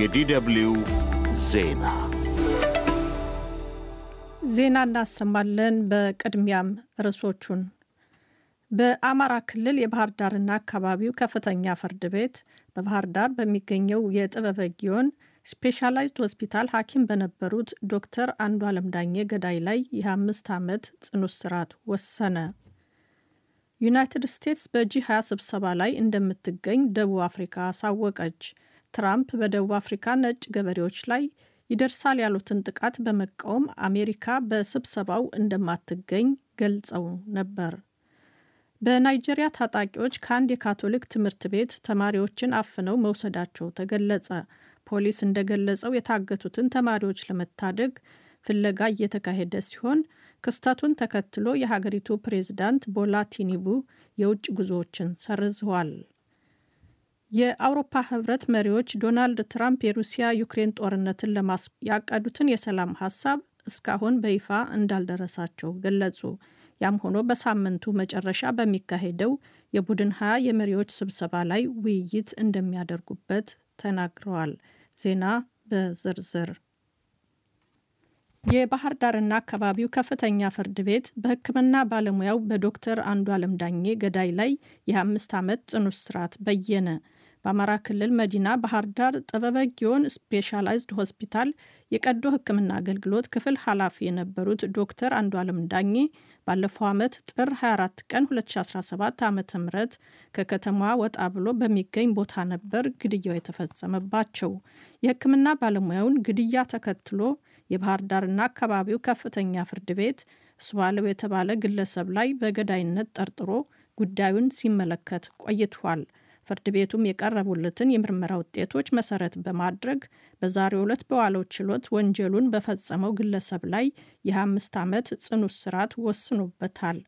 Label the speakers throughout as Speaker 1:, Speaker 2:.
Speaker 1: የዲደብልዩ ዜና
Speaker 2: ዜና እናሰማለን። በቅድሚያም ርዕሶቹን በአማራ ክልል የባህር ዳርና አካባቢው ከፍተኛ ፍርድ ቤት በባህር ዳር በሚገኘው የጥበበ ጊዮን ስፔሻላይዝድ ሆስፒታል ሐኪም በነበሩት ዶክተር አንዱ አለም ዳኘ ገዳይ ላይ የአምስት ዓመት ጽኑ እስራት ወሰነ። ዩናይትድ ስቴትስ በጂ 20 ስብሰባ ላይ እንደምትገኝ ደቡብ አፍሪካ አሳወቀች። ትራምፕ በደቡብ አፍሪካ ነጭ ገበሬዎች ላይ ይደርሳል ያሉትን ጥቃት በመቃወም አሜሪካ በስብሰባው እንደማትገኝ ገልጸው ነበር። በናይጄሪያ ታጣቂዎች ከአንድ የካቶሊክ ትምህርት ቤት ተማሪዎችን አፍነው መውሰዳቸው ተገለጸ። ፖሊስ እንደገለጸው የታገቱትን ተማሪዎች ለመታደግ ፍለጋ እየተካሄደ ሲሆን ክስተቱን ተከትሎ የሀገሪቱ ፕሬዝዳንት ቦላ ቲኒቡ የውጭ ጉዞዎችን ሰርዘዋል። የአውሮፓ ህብረት መሪዎች ዶናልድ ትራምፕ የሩሲያ ዩክሬን ጦርነትን ለማስ ያቀዱትን የሰላም ሀሳብ እስካሁን በይፋ እንዳልደረሳቸው ገለጹ። ያም ሆኖ በሳምንቱ መጨረሻ በሚካሄደው የቡድን ሀያ የመሪዎች ስብሰባ ላይ ውይይት እንደሚያደርጉበት ተናግረዋል። ዜና በዝርዝር የባህር ዳርና አካባቢው ከፍተኛ ፍርድ ቤት በሕክምና ባለሙያው በዶክተር አንዱ አለም ዳኜ ገዳይ ላይ የአምስት ዓመት ጽኑ እስራት በየነ። በአማራ ክልል መዲና ባህር ዳር ጥበበ ጊዮን ስፔሻላይዝድ ሆስፒታል የቀዶ ሕክምና አገልግሎት ክፍል ኃላፊ የነበሩት ዶክተር አንዱዓለም ዳኜ ባለፈው ዓመት ጥር 24 ቀን 2017 ዓ ም ከከተማዋ ወጣ ብሎ በሚገኝ ቦታ ነበር ግድያው የተፈጸመባቸው። የሕክምና ባለሙያውን ግድያ ተከትሎ የባህር ዳርና አካባቢው ከፍተኛ ፍርድ ቤት ሱባለው የተባለ ግለሰብ ላይ በገዳይነት ጠርጥሮ ጉዳዩን ሲመለከት ቆይቷል። ፍርድ ቤቱም የቀረቡለትን የምርመራ ውጤቶች መሰረት በማድረግ በዛሬው ዕለት በዋለው ችሎት ወንጀሉን በፈጸመው ግለሰብ ላይ የ25 ዓመት ጽኑ እስራት ወስኖበታል።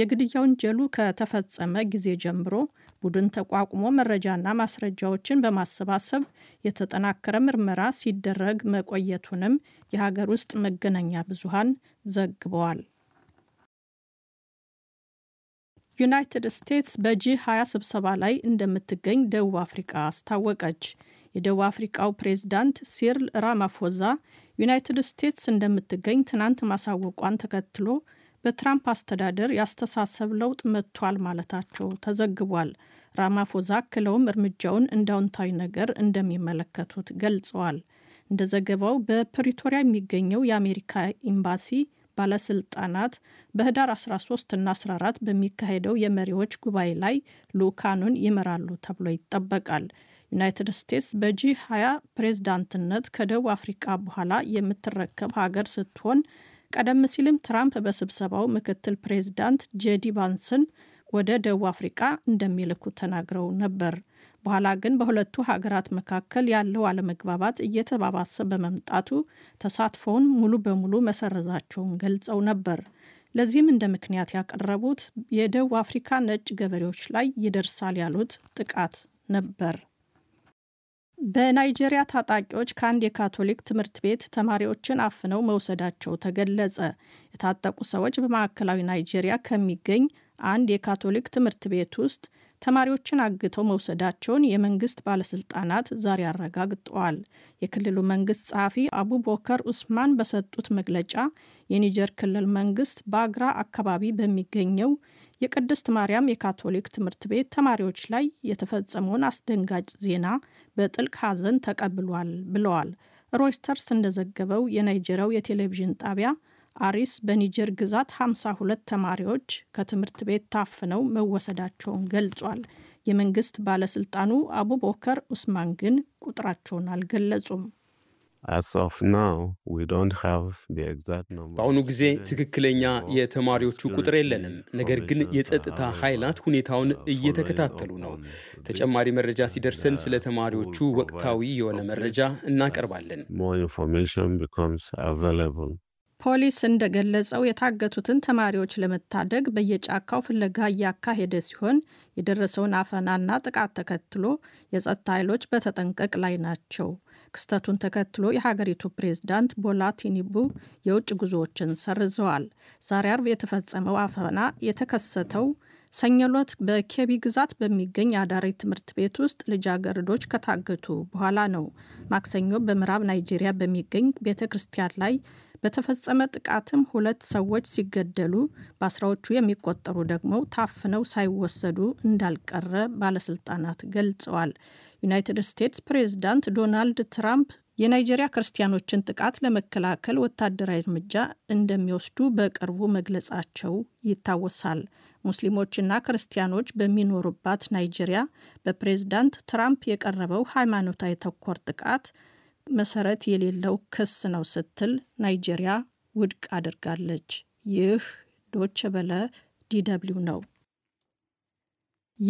Speaker 2: የግድያ ወንጀሉ ከተፈጸመ ጊዜ ጀምሮ ቡድን ተቋቁሞ መረጃና ማስረጃዎችን በማሰባሰብ የተጠናከረ ምርመራ ሲደረግ መቆየቱንም የሀገር ውስጥ መገናኛ ብዙሃን ዘግበዋል። ዩናይትድ ስቴትስ በጂ 20 ስብሰባ ላይ እንደምትገኝ ደቡብ አፍሪቃ አስታወቀች። የደቡብ አፍሪቃው ፕሬዝዳንት ሲርል ራማፎዛ ዩናይትድ ስቴትስ እንደምትገኝ ትናንት ማሳወቋን ተከትሎ በትራምፕ አስተዳደር ያስተሳሰብ ለውጥ መጥቷል ማለታቸው ተዘግቧል። ራማፎዛ አክለውም እርምጃውን እንዳውንታዊ ነገር እንደሚመለከቱት ገልጸዋል። እንደ ዘገባው በፕሪቶሪያ የሚገኘው የአሜሪካ ኤምባሲ ባለስልጣናት በህዳር 13 እና 14 በሚካሄደው የመሪዎች ጉባኤ ላይ ልኡካኑን ይመራሉ ተብሎ ይጠበቃል። ዩናይትድ ስቴትስ በጂ 20 ፕሬዝዳንትነት ከደቡብ አፍሪካ በኋላ የምትረከብ ሀገር ስትሆን ቀደም ሲልም ትራምፕ በስብሰባው ምክትል ፕሬዝዳንት ጄዲ ባንስን ወደ ደቡብ አፍሪቃ እንደሚልኩ ተናግረው ነበር። በኋላ ግን በሁለቱ ሀገራት መካከል ያለው አለመግባባት እየተባባሰ በመምጣቱ ተሳትፎውን ሙሉ በሙሉ መሰረዛቸውን ገልጸው ነበር። ለዚህም እንደ ምክንያት ያቀረቡት የደቡብ አፍሪካ ነጭ ገበሬዎች ላይ ይደርሳል ያሉት ጥቃት ነበር። በናይጄሪያ ታጣቂዎች ከአንድ የካቶሊክ ትምህርት ቤት ተማሪዎችን አፍነው መውሰዳቸው ተገለጸ። የታጠቁ ሰዎች በማዕከላዊ ናይጄሪያ ከሚገኝ አንድ የካቶሊክ ትምህርት ቤት ውስጥ ተማሪዎችን አግተው መውሰዳቸውን የመንግስት ባለስልጣናት ዛሬ አረጋግጠዋል። የክልሉ መንግስት ጸሐፊ አቡቦከር ኡስማን በሰጡት መግለጫ የኒጀር ክልል መንግስት በአግራ አካባቢ በሚገኘው የቅድስት ማርያም የካቶሊክ ትምህርት ቤት ተማሪዎች ላይ የተፈጸመውን አስደንጋጭ ዜና በጥልቅ ሐዘን ተቀብሏል ብለዋል። ሮይስተርስ እንደዘገበው የናይጀሪያው የቴሌቪዥን ጣቢያ አሪስ በኒጀር ግዛት 52 ተማሪዎች ከትምህርት ቤት ታፍነው መወሰዳቸውን ገልጿል። የመንግስት ባለስልጣኑ አቡቦከር ኡስማን ግን ቁጥራቸውን አልገለጹም።
Speaker 1: በአሁኑ ጊዜ ትክክለኛ የተማሪዎቹ ቁጥር የለንም። ነገር ግን የጸጥታ ኃይላት ሁኔታውን እየተከታተሉ ነው። ተጨማሪ መረጃ ሲደርሰን ስለ ተማሪዎቹ ወቅታዊ የሆነ መረጃ እናቀርባለን።
Speaker 2: ፖሊስ እንደገለጸው የታገቱትን ተማሪዎች ለመታደግ በየጫካው ፍለጋ እያካሄደ ሲሆን የደረሰውን አፈናና ጥቃት ተከትሎ የጸጥታ ኃይሎች በተጠንቀቅ ላይ ናቸው። ክስተቱን ተከትሎ የሀገሪቱ ፕሬዝዳንት ቦላ ቲኒቡ የውጭ ጉዞዎችን ሰርዘዋል። ዛሬ አርብ የተፈጸመው አፈና የተከሰተው ሰኞሎት በኬቢ ግዛት በሚገኝ አዳሪ ትምህርት ቤት ውስጥ ልጃገረዶች ከታገቱ በኋላ ነው። ማክሰኞ በምዕራብ ናይጄሪያ በሚገኝ ቤተ ክርስቲያን ላይ በተፈጸመ ጥቃትም ሁለት ሰዎች ሲገደሉ በአስራዎቹ የሚቆጠሩ ደግሞ ታፍነው ሳይወሰዱ እንዳልቀረ ባለስልጣናት ገልጸዋል። ዩናይትድ ስቴትስ ፕሬዝዳንት ዶናልድ ትራምፕ የናይጄሪያ ክርስቲያኖችን ጥቃት ለመከላከል ወታደራዊ እርምጃ እንደሚወስዱ በቅርቡ መግለጻቸው ይታወሳል። ሙስሊሞችና ክርስቲያኖች በሚኖሩባት ናይጄሪያ በፕሬዝዳንት ትራምፕ የቀረበው ሃይማኖታዊ ተኮር ጥቃት መሰረት የሌለው ክስ ነው ስትል ናይጄሪያ ውድቅ አድርጋለች። ይህ ዶች በለ ዲደብሊው ነው።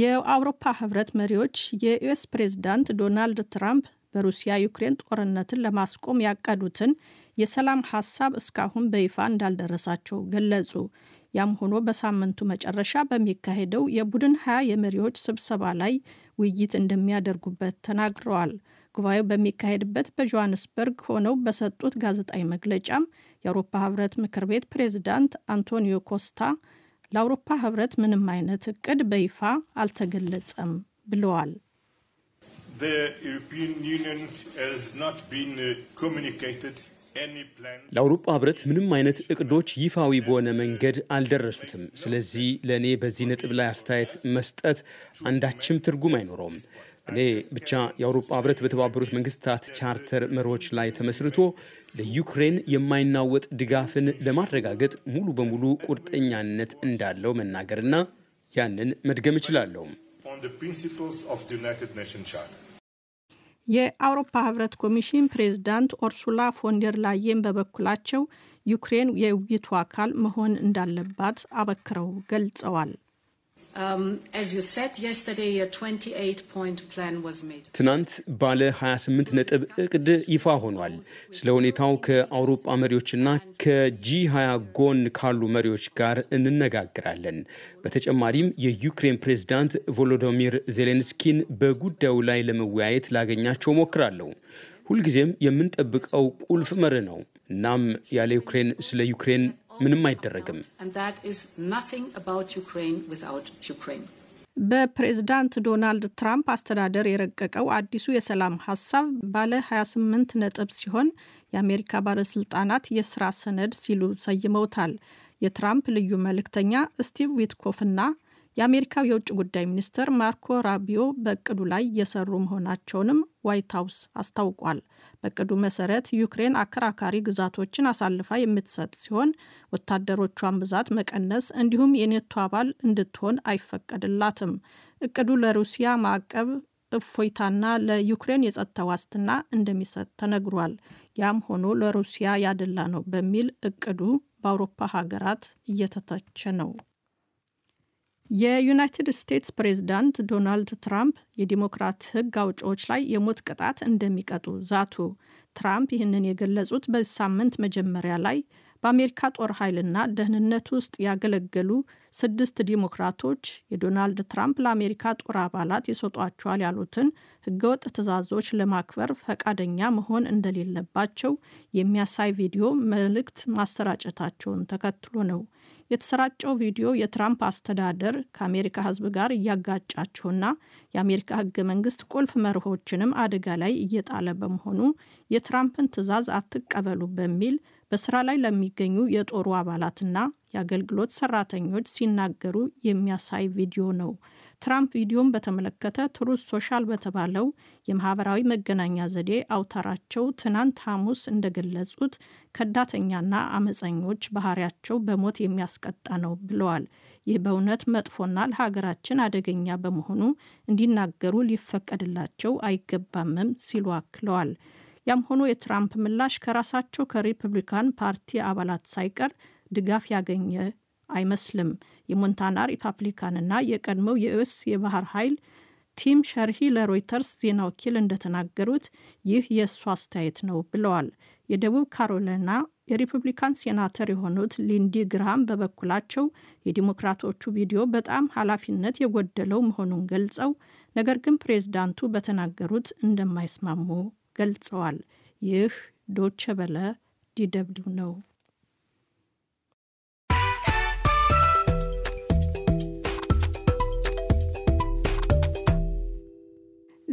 Speaker 2: የአውሮፓ ህብረት መሪዎች የዩኤስ ፕሬዝዳንት ዶናልድ ትራምፕ በሩሲያ ዩክሬን ጦርነትን ለማስቆም ያቀዱትን የሰላም ሀሳብ እስካሁን በይፋ እንዳልደረሳቸው ገለጹ። ያም ሆኖ በሳምንቱ መጨረሻ በሚካሄደው የቡድን ሀያ የመሪዎች ስብሰባ ላይ ውይይት እንደሚያደርጉበት ተናግረዋል። ጉባኤው በሚካሄድበት በጆሃንስበርግ ሆነው በሰጡት ጋዜጣዊ መግለጫም የአውሮፓ ህብረት ምክር ቤት ፕሬዚዳንት አንቶኒዮ ኮስታ ለአውሮፓ ህብረት ምንም አይነት እቅድ በይፋ አልተገለጸም ብለዋል።
Speaker 1: Uh, ለአውሮፓ ህብረት ምንም አይነት እቅዶች ይፋዊ በሆነ መንገድ አልደረሱትም። ስለዚህ ለእኔ በዚህ ነጥብ ላይ አስተያየት መስጠት አንዳችም ትርጉም አይኖረውም። እኔ ብቻ የአውሮፓ ህብረት በተባበሩት መንግስታት ቻርተር መርሆች ላይ ተመስርቶ ለዩክሬን የማይናወጥ ድጋፍን ለማረጋገጥ ሙሉ በሙሉ ቁርጠኛነት እንዳለው መናገርና ያንን መድገም እችላለሁ።
Speaker 2: የአውሮፓ ህብረት ኮሚሽን ፕሬዝዳንት ኦርሱላ ፎንደር ላየን በበኩላቸው ዩክሬን የውይይቱ አካል መሆን እንዳለባት አበክረው ገልጸዋል። Um,
Speaker 1: ትናንት ባለ 28 ነጥብ እቅድ ይፋ ሆኗል። ስለ ሁኔታው ከአውሮፓ መሪዎችና ከጂ 20 ጎን ካሉ መሪዎች ጋር እንነጋግራለን። በተጨማሪም የዩክሬን ፕሬዝዳንት ቮሎዶሚር ዜሌንስኪን በጉዳዩ ላይ ለመወያየት ላገኛቸው ሞክራለሁ። ሁልጊዜም የምንጠብቀው ቁልፍ መርህ ነው። እናም ያለ ዩክሬን ስለ ዩክሬን ምንም አይደረግም።
Speaker 2: በፕሬዝዳንት ዶናልድ ትራምፕ አስተዳደር የረቀቀው አዲሱ የሰላም ሀሳብ ባለ 28 ነጥብ ሲሆን የአሜሪካ ባለስልጣናት የስራ ሰነድ ሲሉ ሰይመውታል። የትራምፕ ልዩ መልእክተኛ ስቲቭ ዊትኮፍና የአሜሪካው የውጭ ጉዳይ ሚኒስትር ማርኮ ራቢዮ በእቅዱ ላይ የሰሩ መሆናቸውንም ዋይት ሀውስ አስታውቋል። በእቅዱ መሰረት ዩክሬን አከራካሪ ግዛቶችን አሳልፋ የምትሰጥ ሲሆን ወታደሮቿን ብዛት መቀነስ እንዲሁም የኔቶ አባል እንድትሆን አይፈቀድላትም። እቅዱ ለሩሲያ ማዕቀብ እፎይታና ለዩክሬን የጸጥታ ዋስትና እንደሚሰጥ ተነግሯል። ያም ሆኖ ለሩሲያ ያደላ ነው በሚል እቅዱ በአውሮፓ ሀገራት እየተተቸ ነው። የዩናይትድ ስቴትስ ፕሬዝዳንት ዶናልድ ትራምፕ የዲሞክራት ሕግ አውጪዎች ላይ የሞት ቅጣት እንደሚቀጡ ዛቱ። ትራምፕ ይህንን የገለጹት በዚህ ሳምንት መጀመሪያ ላይ በአሜሪካ ጦር ኃይልና ደህንነት ውስጥ ያገለገሉ ስድስት ዲሞክራቶች የዶናልድ ትራምፕ ለአሜሪካ ጦር አባላት ይሰጧቸዋል ያሉትን ህገወጥ ትዕዛዞች ለማክበር ፈቃደኛ መሆን እንደሌለባቸው የሚያሳይ ቪዲዮ መልእክት ማሰራጨታቸውን ተከትሎ ነው። የተሰራጨው ቪዲዮ የትራምፕ አስተዳደር ከአሜሪካ ሕዝብ ጋር እያጋጫችሁና የአሜሪካ ሕገ መንግስት ቁልፍ መርሆችንም አደጋ ላይ እየጣለ በመሆኑ የትራምፕን ትዕዛዝ አትቀበሉ በሚል በስራ ላይ ለሚገኙ የጦሩ አባላትና የአገልግሎት ሰራተኞች ሲናገሩ የሚያሳይ ቪዲዮ ነው። ትራምፕ ቪዲዮን በተመለከተ ትሩስ ሶሻል በተባለው የማህበራዊ መገናኛ ዘዴ አውታራቸው ትናንት ሐሙስ እንደገለጹት ከዳተኛና አመፀኞች ባህሪያቸው በሞት የሚያስቀጣ ነው ብለዋል። ይህ በእውነት መጥፎና ለሀገራችን አደገኛ በመሆኑ እንዲናገሩ ሊፈቀድላቸው አይገባምም ሲሉ አክለዋል። ያም ሆኖ የትራምፕ ምላሽ ከራሳቸው ከሪፐብሊካን ፓርቲ አባላት ሳይቀር ድጋፍ ያገኘ አይመስልም። የሞንታና ሪፐብሊካንና የቀድሞው የዩኤስ የባህር ኃይል ቲም ሸርሂ ለሮይተርስ ዜና ወኪል እንደተናገሩት ይህ የእሱ አስተያየት ነው ብለዋል። የደቡብ ካሮላይና የሪፐብሊካን ሴናተር የሆኑት ሊንዲ ግራም በበኩላቸው የዲሞክራቶቹ ቪዲዮ በጣም ኃላፊነት የጎደለው መሆኑን ገልጸው ነገር ግን ፕሬዝዳንቱ በተናገሩት እንደማይስማሙ ገልጸዋል። ይህ ዶቸበለ ዲደብሊው ነው።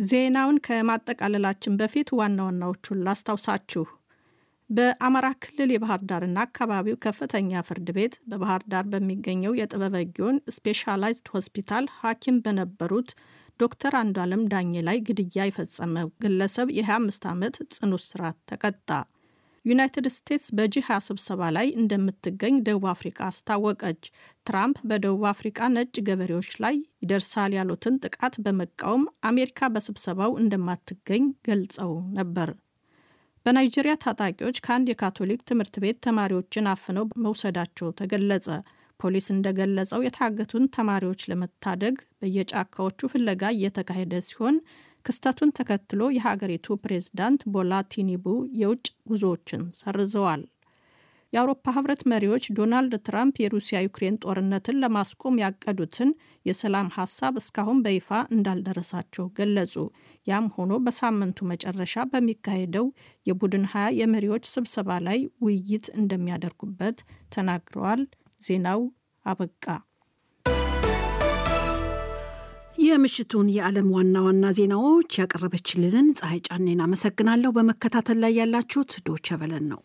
Speaker 2: ዜናውን ከማጠቃለላችን በፊት ዋና ዋናዎቹን ላስታውሳችሁ። በአማራ ክልል የባህር ዳርና አካባቢው ከፍተኛ ፍርድ ቤት በባህር ዳር በሚገኘው የጥበበጊዮን ስፔሻላይዝድ ሆስፒታል ሐኪም በነበሩት ዶክተር አንዷለም ዳኜ ላይ ግድያ የፈጸመው ግለሰብ የ25 ዓመት ጽኑ እስራት ተቀጣ። ዩናይትድ ስቴትስ በጂ 20 ስብሰባ ላይ እንደምትገኝ ደቡብ አፍሪካ አስታወቀች። ትራምፕ በደቡብ አፍሪካ ነጭ ገበሬዎች ላይ ይደርሳል ያሉትን ጥቃት በመቃወም አሜሪካ በስብሰባው እንደማትገኝ ገልጸው ነበር። በናይጄሪያ ታጣቂዎች ከአንድ የካቶሊክ ትምህርት ቤት ተማሪዎችን አፍነው መውሰዳቸው ተገለጸ። ፖሊስ እንደገለጸው የታገቱን ተማሪዎች ለመታደግ በየጫካዎቹ ፍለጋ እየተካሄደ ሲሆን ክስተቱን ተከትሎ የሀገሪቱ ፕሬዝዳንት ቦላ ቲኒቡ የውጭ ጉዞዎችን ሰርዘዋል። የአውሮፓ ህብረት መሪዎች ዶናልድ ትራምፕ የሩሲያ ዩክሬን ጦርነትን ለማስቆም ያቀዱትን የሰላም ሀሳብ እስካሁን በይፋ እንዳልደረሳቸው ገለጹ። ያም ሆኖ በሳምንቱ መጨረሻ በሚካሄደው የቡድን ሀያ የመሪዎች ስብሰባ ላይ ውይይት እንደሚያደርጉበት ተናግረዋል። ዜናው አበቃ። የምሽቱን የዓለም ዋና ዋና ዜናዎች ያቀረበችልንን ፀሐይ ጫኔን አመሰግናለሁ። በመከታተል ላይ ያላችሁት ዶቸ በለን ነው።